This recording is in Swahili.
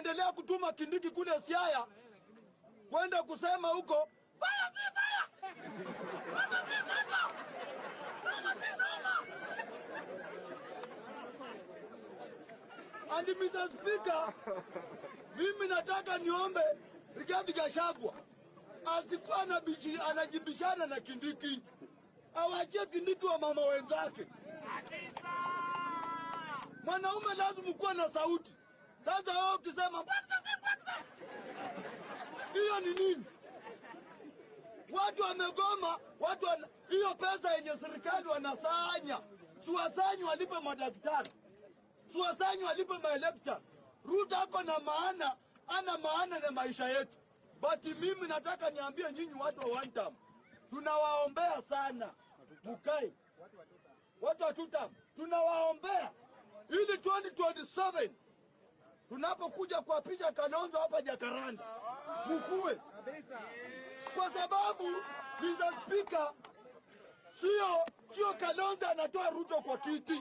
tunaendelea kutuma Kindiki kule Siaya kwenda kusema huko baya si baya, mama si mama, mama si And Mr. Speaker, mimi nataka niombe Rigathi Gachagua asikuwa anajibishana na Kindiki, awachie Kindiki wa mama wenzake. Mwanaume lazima kuwa na sauti. Sasa wewe ukisema hiyo ni nini? Watu wamegoma, watu wana... hiyo pesa yenye serikali wanasanya, siwasanyi walipe madaktari, siwasanyi walipe maelekta. Ruto ako na maana, ana maana na maisha yetu. But mimi nataka niambie nyinyi watu wa one tunawaombea sana mukai watu wa two tunawaombea ili 2027 tunapokuja kuapisha Kalonzo hapa Jakaranda mkuwe, kwa sababu Mr. Speaker, sio sio Kalonzo anatoa Ruto kwa kiti.